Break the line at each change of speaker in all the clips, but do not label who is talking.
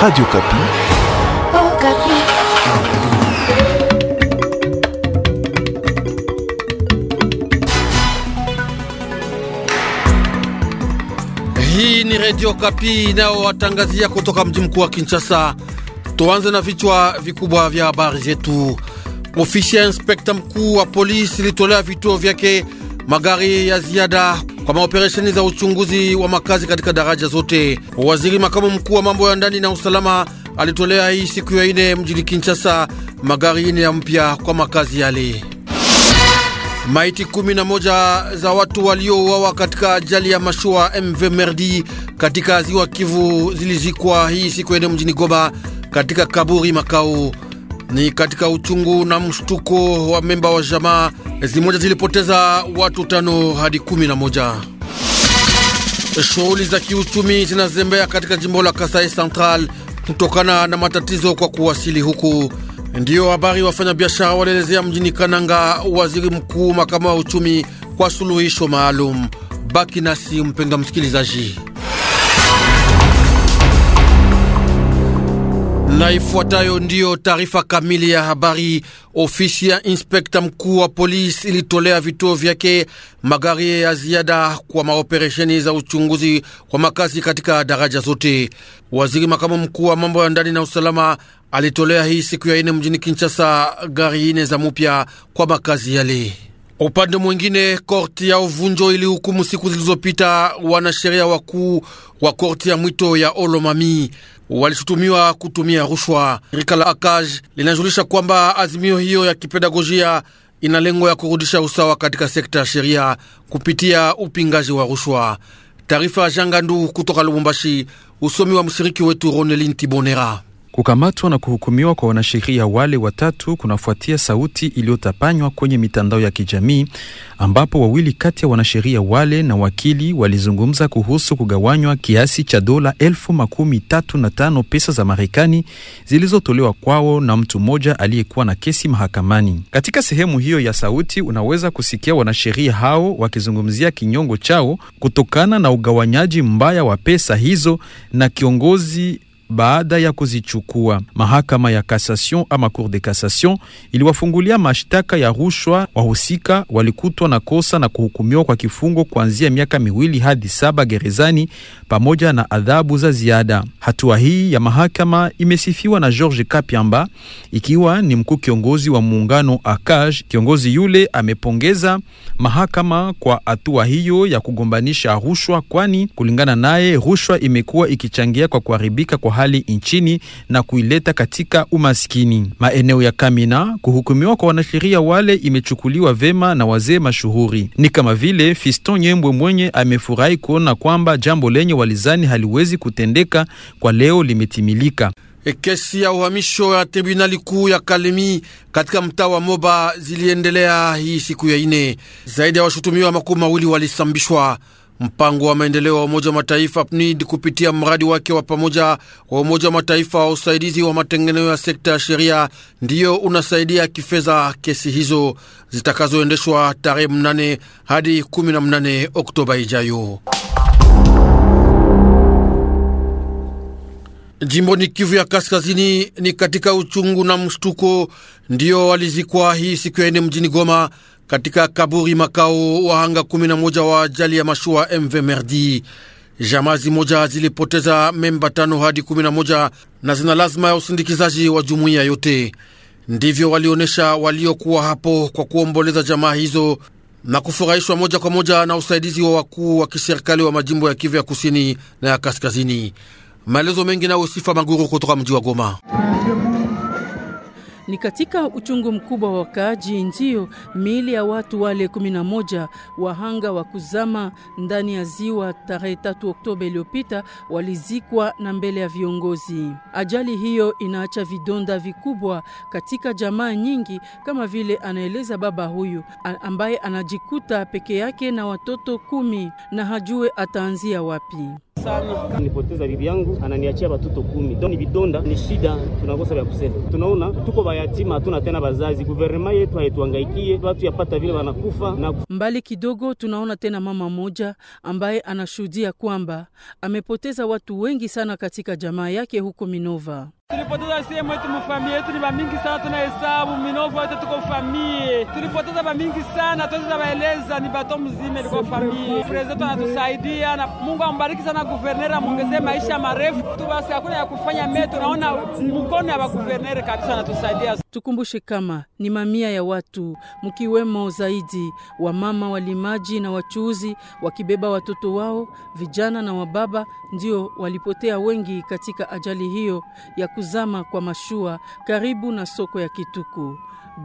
Radio Kapi.
Oh, Kapi.
Hii ni Radio Kapi watangazia kutoka mji mkuu wa Kinshasa. Tuanze na vichwa vikubwa vya habari zetu. Ofisi ya inspekta mkuu wa polisi ilitolea vituo vyake magari ya ziada kwa maoperesheni za uchunguzi wa makazi katika daraja zote. Waziri makamu mkuu wa mambo ya ndani na usalama alitolea hii siku ya ine mjini Kinshasa magari ine ya mpya kwa makazi yale. Maiti kumi na moja za watu waliouawa katika ajali ya mashua MV Merdi katika ziwa Kivu zilizikwa hii siku ya ine mjini Goma katika kaburi makao ni katika uchungu na mshtuko wa memba wa jamaa zimoja zilipoteza watu tano hadi kumi na moja. Shughuli za kiuchumi zinazembea katika jimbo la Kasai Central kutokana na matatizo kwa kuwasili huku. Ndiyo habari wafanyabiashara walielezea mjini Kananga waziri mkuu, makama wa uchumi, kwa suluhisho maalum. Baki nasi mpenda msikilizaji. Na ifuatayo ndiyo taarifa kamili ya habari. Ofisi ya inspekta mkuu wa polisi ilitolea vituo vyake magari ya ziada kwa maoperesheni za uchunguzi wa makazi katika daraja zote. Waziri makamu mkuu wa mambo ya ndani na usalama alitolea hii siku ya ine mjini Kinshasa gari ine za mupya kwa makazi yale. Upande mwingine, korti ya uvunjo ilihukumu siku zilizopita wanasheria wakuu wa korti ya mwito ya Olomami walishutumiwa kutumia rushwa. Shirika la Akaj linajulisha kwamba azimio hiyo ya kipedagojia ina lengo ya kurudisha usawa katika sekta ya sheria kupitia upingaji wa rushwa. Taarifa ya Jangandu kutoka Lubumbashi, usomi wa mshiriki wetu Ronelin Tibonera.
Kukamatwa na kuhukumiwa kwa wanasheria wale watatu kunafuatia sauti iliyotapanywa kwenye mitandao ya kijamii ambapo wawili kati ya wanasheria wale na wakili walizungumza kuhusu kugawanywa kiasi cha dola elfu makumi tatu na tano pesa za Marekani zilizotolewa kwao na mtu mmoja aliyekuwa na kesi mahakamani. Katika sehemu hiyo ya sauti unaweza kusikia wanasheria hao wakizungumzia kinyongo chao kutokana na ugawanyaji mbaya wa pesa hizo na kiongozi baada ya kuzichukua. Mahakama ya Cassation ama Cour de Cassation iliwafungulia mashtaka ya rushwa. Wahusika walikutwa na kosa na kuhukumiwa kwa kifungo kuanzia miaka miwili hadi saba gerezani pamoja na adhabu za ziada. Hatua hii ya mahakama imesifiwa na George Kapiamba, ikiwa ni mkuu kiongozi wa muungano Akaj. Kiongozi yule amepongeza mahakama kwa hatua hiyo ya kugombanisha rushwa, kwani kulingana naye rushwa imekuwa ikichangia kwa kuharibika kwa hali nchini na kuileta katika umaskini. Maeneo ya Kamina, kuhukumiwa kwa wanasheria wale imechukuliwa vema na wazee mashuhuri, ni kama vile Fiston Nyembwe mwenye amefurahi kuona kwamba jambo lenye walizani haliwezi kutendeka kwa leo limetimilika.
E, kesi ya uhamisho ya tribunali kuu ya
Kalemi
katika mtaa wa Moba ziliendelea hii siku ya ine. Zaidi ya washutumiwa makumi mawili walisambishwa. Mpango wa maendeleo wa Umoja wa Mataifa PNID kupitia mradi wake wa pamoja wa Umoja wa Mataifa wa usaidizi wa matengenezo ya sekta ya sheria ndiyo unasaidia kifedha kesi hizo zitakazoendeshwa tarehe mnane hadi na mnane Oktoba ijayo. Jimboni Kivu ya Kaskazini ni katika uchungu na mshtuko ndiyo walizikwa hii siku ya ine mjini Goma katika kaburi makao wahanga 11 wa ajali ya mashua MV Merdi. Jamazi moja zilipoteza memba tano hadi 11 na zina lazima ya usindikizaji wa jumuiya yote. Ndivyo walionyesha waliokuwa hapo kwa kuomboleza jamaa hizo na kufurahishwa moja kwa moja na usaidizi wa wakuu wa kiserikali wa majimbo ya Kivu ya kusini na ya kaskazini. Maelezo mengi nayo Sifa Maguru kutoka mji wa Goma.
Ni katika uchungu mkubwa wa wakaaji ndiyo miili ya watu wale 11 wahanga wa kuzama ndani ya ziwa tarehe 3 Oktoba iliyopita walizikwa na mbele ya viongozi. Ajali hiyo inaacha vidonda vikubwa katika jamaa nyingi, kama vile anaeleza baba huyu ambaye anajikuta peke yake na watoto kumi na hajue ataanzia wapi
sana. Nipoteza bibi yangu, ananiachia watoto kumi, ndio ni vidonda, ni shida, tunakosa vya kusema. Tunaona tuko bayatima, hatuna tena bazazi. Guvernema yetu haituangaikie watu yapata vile wanakufa na...
mbali kidogo tunaona tena mama moja ambaye anashuhudia kwamba amepoteza watu wengi sana katika jamaa yake huko Minova. Tulipoteza sehemu yetu mufamie yetu ni bamingi sana, tuna hesabu minovu yote tuko famie. Tulipoteza bamingi sana, tuweza baeleza ni bato mzima ilikuwa famie. President wetu anatusaidia na Mungu ambariki sana guverneri, amwongezee maisha marefu tu. Basi hakuna ya kufanya metu, tunaona mkono ya baguverneri kabisa, anatusaidia. Tukumbushe kama ni mamia ya watu mkiwemo zaidi wa mama walimaji na wachuuzi wakibeba watoto wao vijana na wababa, ndio walipotea wengi katika ajali hiyo ya kuzama kwa mashua karibu na soko ya Kituku.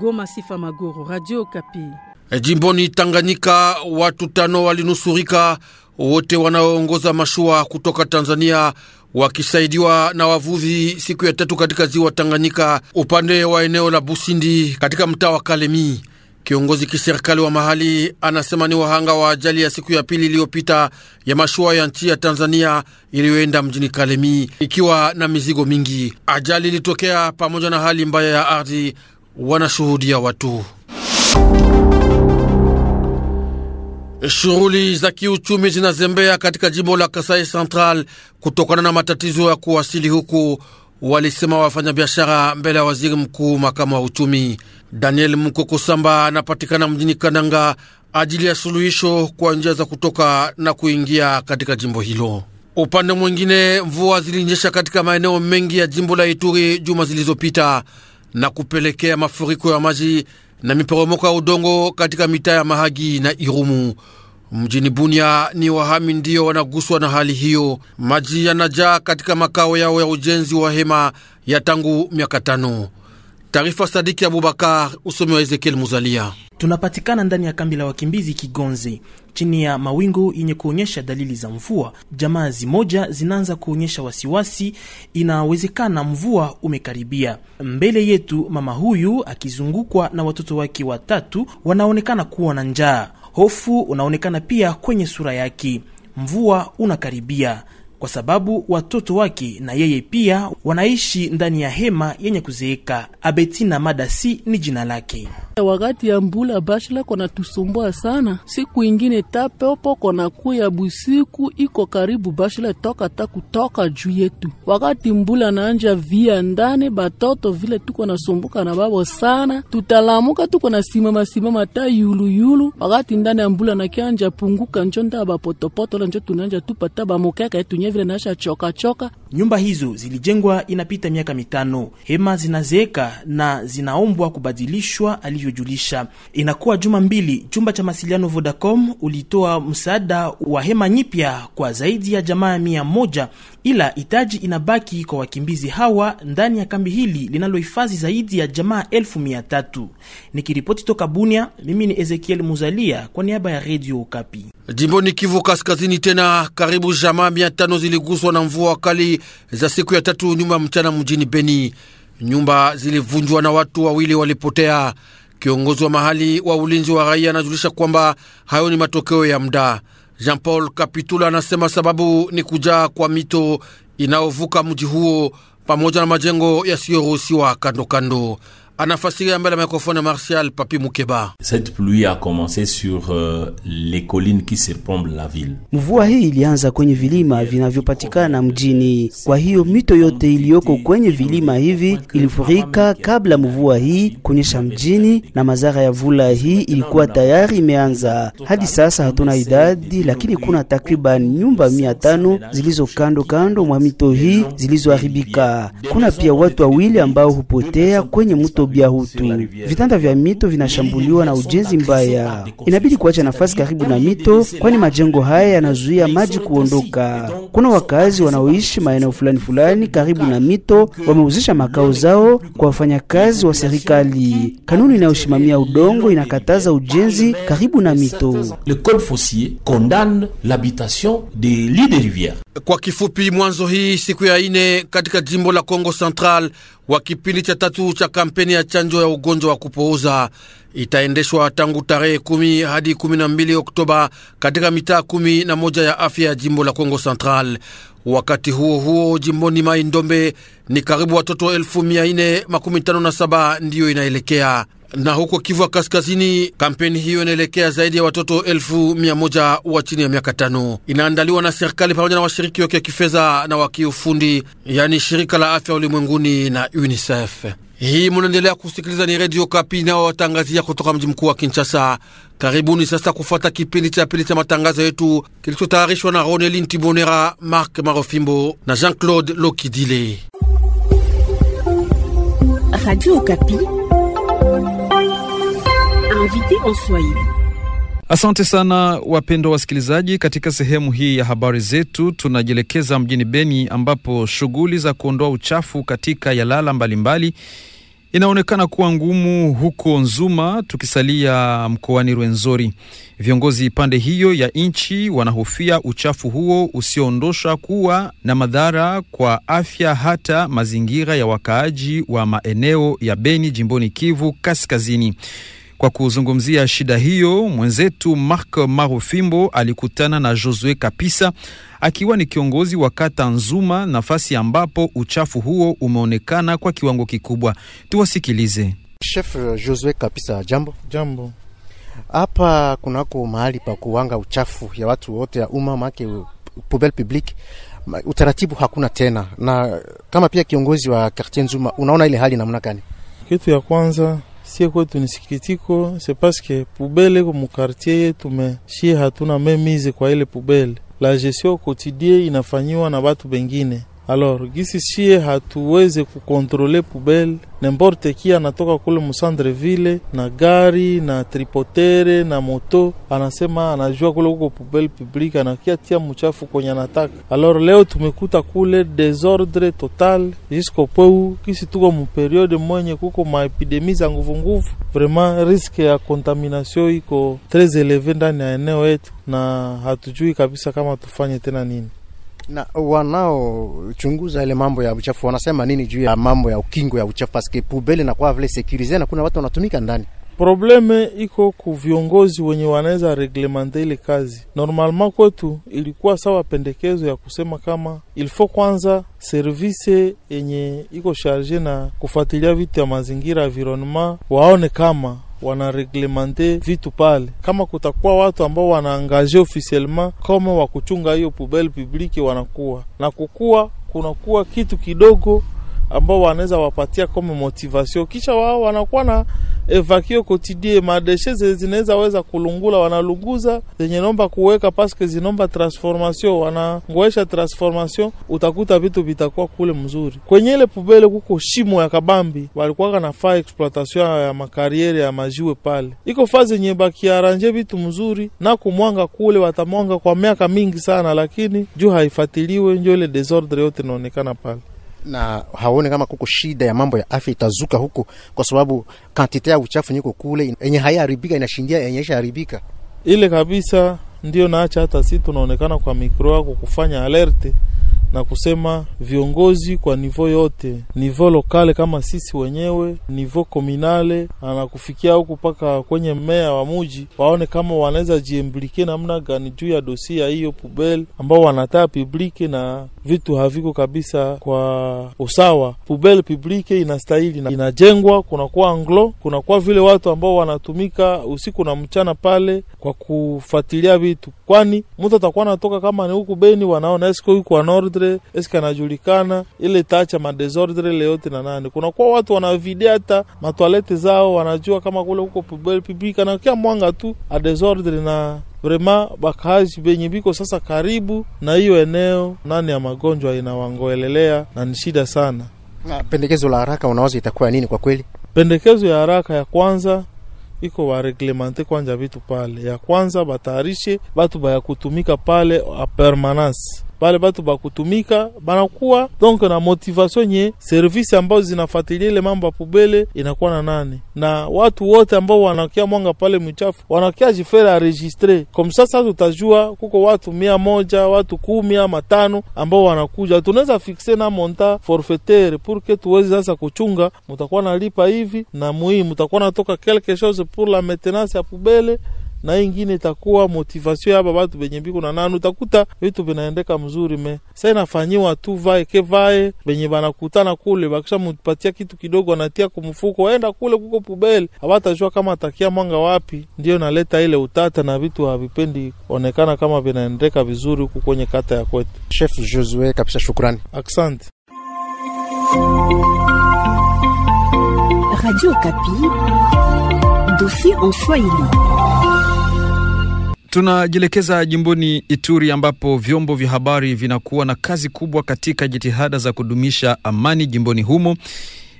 Goma, Sifa Maguru, Radio Kapi.
E, jimboni Tanganyika watu tano walinusurika, wote wanaoongoza mashua kutoka Tanzania wakisaidiwa na wavuvi siku ya tatu katika ziwa Tanganyika upande wa eneo la Busindi katika mtaa wa Kalemi. Kiongozi kiserikali wa mahali anasema ni wahanga wa ajali ya siku ya pili iliyopita ya mashua ya nchi ya Tanzania iliyoenda mjini Kalemi ikiwa na mizigo mingi. Ajali ilitokea pamoja na hali mbaya ya ardhi, wanashuhudia watu. Shughuli za kiuchumi zinazembea katika jimbo la Kasai Central kutokana na matatizo ya kuwasili huku walisema wafanyabiashara mbele ya waziri mkuu makamu wa uchumi. Daniel Mukokosamba anapatikana mjini Kananga ajili ya suluhisho kwa njia za kutoka na kuingia katika jimbo hilo. Upande mwingine, mvua zilinyesha katika maeneo mengi ya jimbo la Ituri juma zilizopita na kupelekea mafuriko ya maji na miporomoko ya udongo katika mitaa ya Mahagi na Irumu. Mjini Bunia ni wahami ndiyo wanaguswa na hali hiyo. Maji yanajaa katika makao yao ya ujenzi wa hema ya tangu miaka tano. Taarifa Sadiki Abubakar, usomi wa Ezekiel Muzalia.
Tunapatikana ndani ya kambi la wakimbizi Kigonze, chini ya mawingu yenye kuonyesha dalili za mvua. Jamaa zimoja zinaanza kuonyesha wasiwasi, inawezekana mvua umekaribia. Mbele yetu mama huyu akizungukwa na watoto wake watatu wanaonekana kuwa na njaa. Hofu unaonekana pia kwenye sura yake. Mvua unakaribia kwa sababu watoto wake na yeye pia wanaishi ndani ya hema yenye kuzeeka. Abetina Madasi
ni jina lake. Wakati ya mbula bashla kona tusumbua sana. Siku ingine ta pepo kona kuya busiku iko karibu bashla toka ta kutoka juu yetu. Wakati mbula naanja via ndani batoto vile tuko nasumbuka na babo sana, tutalamuka tuko na simama simama ta yulu yulu. Wakati ndani ya mbula nakianja punguka njo nda bapotopoto la njo tunaanja tupata bamokeka yetu nye vile nasha choka choka
Nyumba hizo zilijengwa inapita miaka mitano, hema zinazeeka na zinaombwa kubadilishwa, alivyojulisha. Inakuwa juma mbili chumba cha masiliano Vodacom ulitoa msaada wa hema nyipya kwa zaidi ya jamaa mia moja ila hitaji inabaki kwa wakimbizi hawa ndani ya kambi hili linalohifadhi zaidi ya jamaa elfu mia
tatu. Nikiripoti toka Bunia, mimi ni Ezekiel Muzalia kwa niaba ya Radio Okapi. Jimboni Kivu Kaskazini, tena karibu jamaa mia tano ziliguswa na mvua kali za siku ya tatu nyuma ya mchana mjini Beni. Nyumba zilivunjwa na watu wawili walipotea. Kiongozi wa mahali wa ulinzi wa raia anajulisha kwamba hayo ni matokeo ya muda. Jean Paul Kapitula anasema sababu ni kujaa kwa mito inayovuka mji huo pamoja na majengo yasiyoruhusiwa kando kando anafasiri mbele ya mikrofoni Martial Papi Mukeba.
Cette pluie a commencé sur uh, les collines qui surplombent la ville. Mvua hii ilianza kwenye vilima vinavyopatikana mjini, kwa hiyo mito yote iliyoko kwenye vilima hivi ilifurika kabla mvua hii kunyesha mjini, na madhara ya vula hii ilikuwa tayari imeanza. Hadi sasa hatuna idadi, lakini kuna takriban nyumba mia tano zilizo kando kando mwa mito hii zilizoharibika. Kuna pia watu wawili ambao hupotea kwenye mto vya Hutu. Vitanda vya mito vinashambuliwa na ujenzi mbaya, inabidi kuacha nafasi karibu na mito, kwani majengo haya yanazuia maji kuondoka. Kuna wakazi wanaoishi maeneo fulani fulani karibu na mito wameuzisha makao zao kwa wafanyakazi wa serikali. Kanuni inayosimamia udongo inakataza ujenzi karibu na mito.
Kwa kifupi, mwanzo hii siku ya ine katika jimbo la Kongo Central wa kipindi cha tatu cha kampeni ya chanjo ya ugonjwa wa kupooza itaendeshwa tangu tarehe kumi hadi kumi na mbili Oktoba katika mitaa kumi na moja ya afya ya jimbo la Kongo Central. Wakati huo huo, jimboni Mai Ndombe ni karibu watoto elfu mia nne makumi tano na saba ndiyo inaelekea na huko Kivu Kaskazini, kampeni hiyo inaelekea zaidi ya watoto elfu mia moja wa chini ya miaka tano. Inaandaliwa na serikali pamoja na washiriki wake wa kifedha na wa kiufundi, yaani shirika la afya ulimwenguni na UNICEF. Hii munaendelea kusikiliza, ni Redio Kapi nao watangazia kutoka mji mkuu wa Kinshasa. Karibuni sasa kufuata kipindi cha pili cha matangazo yetu kilichotayarishwa na Ronelin Tibonera, Mark Marofimbo na Jean Claude
Lokidile.
Radio Kapi invité en Swahili.
Asante sana wapendwa wasikilizaji. Katika sehemu hii ya habari zetu tunajielekeza mjini Beni ambapo shughuli za kuondoa uchafu katika yalala mbalimbali inaonekana kuwa ngumu huko Nzuma, tukisalia mkoani Rwenzori. Viongozi pande hiyo ya nchi wanahofia uchafu huo usioondoshwa kuwa na madhara kwa afya hata mazingira ya wakaaji wa maeneo ya Beni, jimboni Kivu Kaskazini. Kwa kuzungumzia shida hiyo, mwenzetu Mark Marufimbo alikutana na Josue Kapisa akiwa ni kiongozi wa kata Nzuma, nafasi ambapo uchafu huo umeonekana kwa kiwango kikubwa. Tuwasikilize. Chef Josue Kapisa, jambo. Jambo. Hapa
kunako mahali pa kuwanga uchafu ya watu wote ya umma make poubelle publique utaratibu hakuna tena, na kama pia kiongozi wa quartier Nzuma, unaona ile hali namna gani?
Kitu ya kwanza sie kwetu ni sikitiko, se paske pubele ko mukartie yetu me shie hatuna memize kwa ile pubele, la gestion quotidien inafanyiwa na batu bengine Alors gisi shie hatuweze kukontrole pubele, nemporte kia anatoka kule musandre ville na gari na tripotere na moto, anasema anajua kule kuko pubele public, anakia tia mchafu kwenye anataka. Alors leo tumekuta kule desordre total jusko pweu kisi tuko muperiode mwenye kuko maepidemi za nguvunguvu, vraiment riske ya kontamination iko tres eleve ndani ya eneo yetu, na hatujui kabisa kama tufanye tena nini
na wanaochunguza ile mambo ya uchafu wanasema nini juu ya mambo ya ukingo ya uchafu? Paske pubele na kwa vile sekurize na kuna watu wanatumika ndani.
Probleme iko ku viongozi wenye wanaweza reglemente ile kazi. Normalement kwetu ilikuwa sawa pendekezo ya kusema kama ilfo kwanza service yenye iko sharge na kufuatilia vitu ya mazingira environnement waone kama wanareglemente vitu pale. Kama kutakuwa watu ambao wanaangazia officiellement kama wa kuchunga hiyo pubele publiki, wanakuwa na kukuwa kunakuwa kitu kidogo ambao wanaweza wapatia kama motivation, kisha wao wanakuwa na evakio kotidie madeshe ze zinaweza weza kulungula wanalunguza, zenye nomba kuweka paske zinomba transformation, wanangoesha transformation, utakuta vitu vitakuwa kule mzuri. Kwenye ile pubele kuko shimo ya kabambi, walikuwaka nafaa exploitation ya makariere ya majiwe pale, iko fazi yenye bakiaranje vitu mzuri na kumwanga kule, watamwanga kwa miaka mingi sana, lakini juu haifatiliwe, njo ile desordre yote inaonekana
pale na haone kama kuko shida ya mambo ya afya itazuka huko, kwa sababu kantite ya uchafu niko kule yenye haiharibika inashindia yenye haribika ile kabisa.
Ndio naacha hata si tunaonekana kwa mikro yako kufanya alerte na kusema viongozi kwa nivo yote, nivo lokale kama sisi wenyewe, nivo kominale anakufikia huku mpaka kwenye mmea wa muji, waone kama wanaweza jiemblike namna gani juu ya dosia hiyo pubel ambao wanataa piblike, na vitu haviko kabisa kwa usawa. Pubel piblike inastahili inajengwa, kunakuwa anglo, kunakuwa vile watu ambao wanatumika usiku na mchana pale kwa kufuatilia vitu, kwani mtu atakuwa anatoka kama ni huku Beni, wanaona esko wa nord desordre eske anajulikana ile tacha madesordre ile yote na nani. Kuna kwa watu wana video hata matwalete zao, wanajua kama kule huko public public na kia mwanga tu a desordre na vrema bakazi benye biko sasa karibu na hiyo eneo nani ya magonjwa inawangoelelea
na ni shida sana. na Pendekezo la haraka unawaza itakuwa nini? Kwa kweli
pendekezo ya haraka ya kwanza iko wareglemente kwanja vitu pale, ya kwanza batayarishe batu baya kutumika pale a permanence bale batu bakutumika banakuwa donc na motivation nye servisi ambazo zinafuatilia ile mambo ya pubele inakuwa na nani na watu wote ambao wanakia mwanga pale mchafu wanakia jifere aregistre comme sasa, tutajua kuko watu mia moja watu kumi ama tano ambao wanakuja, tunaweza fikse na monta forfaitaire pour que tuweze sasa kuchunga, mutakuwa nalipa hivi na muhimu mutakuwa natoka quelque chose pour la maintenance ya pubele na ingine itakuwa motivasio ya babatu benye biko na nanu, utakuta vitu vinaendeka mzuri. Me sasa inafanyiwa tu vae ke vae benye banakutana kule, bakisha mupatia kitu kidogo, anatia kumfuko, waenda kule kuko pubeli, habatajua kama atakia mwanga wapi. Ndio naleta ile utata na vitu havipendi onekana kama vinaendeka vizuri huku kwenye kata ya kwetu. Chef Josue kabisa, shukrani, asante.
Radio Kapi, dossier en Swahili.
Tunajielekeza jimboni Ituri ambapo vyombo vya habari vinakuwa na kazi kubwa katika jitihada za kudumisha amani jimboni humo.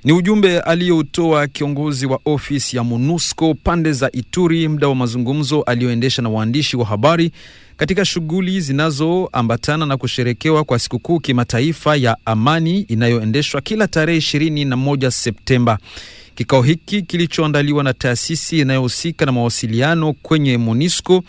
Ni ujumbe aliyoutoa kiongozi wa ofisi ya MONUSCO pande za Ituri muda wa mazungumzo aliyoendesha na waandishi wa habari katika shughuli zinazoambatana na kusherekewa kwa sikukuu kimataifa ya amani inayoendeshwa kila tarehe moja Septemba. Kikao hiki kilichoandaliwa na taasisi inayohusika na mawasiliano kwenye MONUSCO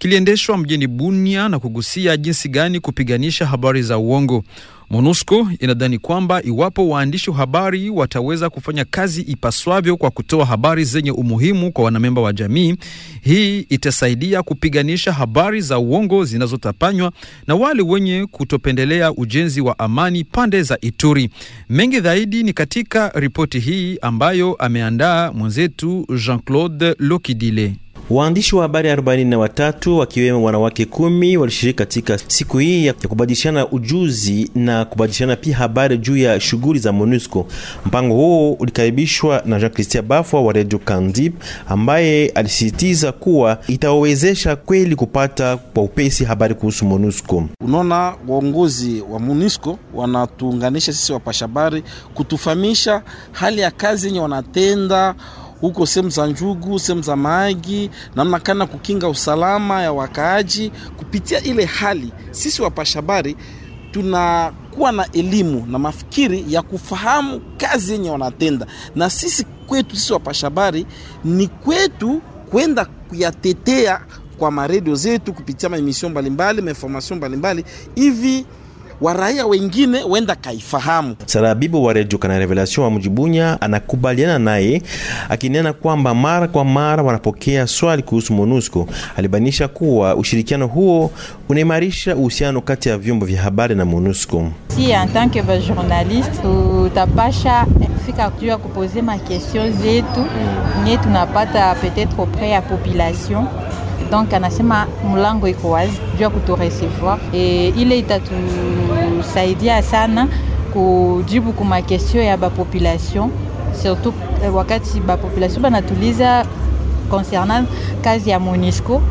kiliendeshwa mjini Bunia na kugusia jinsi gani kupiganisha habari za uongo. MONUSCO inadhani kwamba iwapo waandishi wa habari wataweza kufanya kazi ipaswavyo kwa kutoa habari zenye umuhimu kwa wanamemba wa jamii, hii itasaidia kupiganisha habari za uongo zinazotapanywa na wale wenye kutopendelea ujenzi wa amani pande za Ituri. Mengi zaidi ni katika ripoti hii ambayo ameandaa mwenzetu Jean-Claude Lokidile.
Waandishi wa habari 43 wakiwemo wanawake kumi walishiriki katika siku hii ya kubadilishana ujuzi na kubadilishana pia habari juu ya shughuli za MONUSCO. Mpango huo ulikaribishwa na Jean Christian Bafwa wa Radio Kandib ambaye alisisitiza kuwa itawawezesha kweli kupata kwa upesi habari kuhusu MONUSCO.
Unaona, waongozi wa MONUSCO wanatuunganisha sisi wapashabari kutufahamisha hali ya kazi yenye wanatenda huko sehemu za Njugu, sehemu za maji, namna kana kukinga usalama ya wakaaji kupitia ile hali. Sisi wapashabari tunakuwa na elimu na mafikiri ya kufahamu kazi yenye wanatenda, na sisi kwetu, sisi wapashabari ni kwetu kwenda kuyatetea kwa maredio zetu kupitia maemission mbalimbali, mainformasio mbalimbali hivi wa raia wengine wenda
kaifahamu. Sarabibu wa Radio Kana Revelation wa Mjibunya anakubaliana naye akinena kwamba mara kwa mara wanapokea swali kuhusu MONUSCO. Alibanisha kuwa ushirikiano huo unaimarisha uhusiano kati ya vyombo vya habari na MONUSCO.
Si en tant que journaliste tutapasha fika kujua kupoze question zetu mm. nye tunapata peut-être auprès ya population donc anasema mlango iko wazi juu ya kuturecevoir. E, ile itatusaidia sana kujibu kuma question ya bapopulation surtout wakati bapopulation banatuliza concernant kazi ya MONUSCO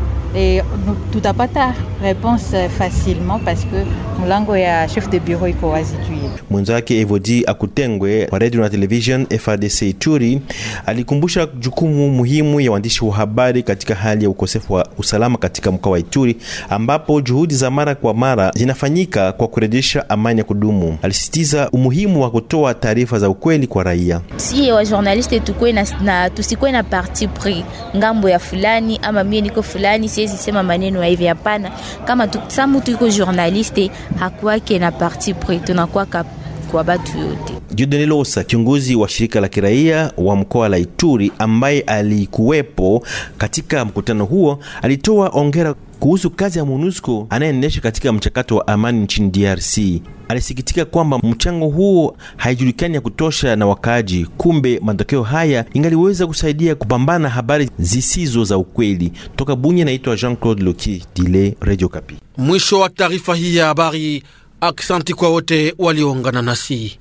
pas tard, réponse euh, facilement parce que mlango est chef de bureau et wazi
Mwenzake Evodi Akutengwe wa radio na television FADC Ituri alikumbusha jukumu muhimu ya waandishi wa habari katika hali ya ukosefu wa usalama katika mkoa wa Ituri, ambapo juhudi za mara kwa mara zinafanyika kwa kurejesha amani ya kudumu. Alisisitiza umuhimu wa kutoa taarifa za ukweli kwa raia.
Sie wa journaliste tukwe na, na tusikwe na parti pris ngambo ya fulani ama mie niko fulani si siwezi sema maneno hivi, hapana. Kama samu tuko journaliste, hakuwake na parti pre, tunakuwaka kwa batu yote.
Judeni Losa, kiongozi wa shirika la kiraia wa mkoa la Ituri ambaye alikuwepo katika mkutano huo, alitoa ongera kuhusu kazi ya MONUSCO anayeendesha katika mchakato wa amani nchini DRC. Alisikitika kwamba mchango huo haijulikani ya kutosha na wakaaji. Kumbe matokeo haya ingaliweza kusaidia kupambana habari zisizo za ukweli. Toka Bunya, naitwa Jean-Claude Loki Dile, Radio Kapi.
Mwisho wa taarifa hii ya habari. Aksanti kwa wote walioungana nasi.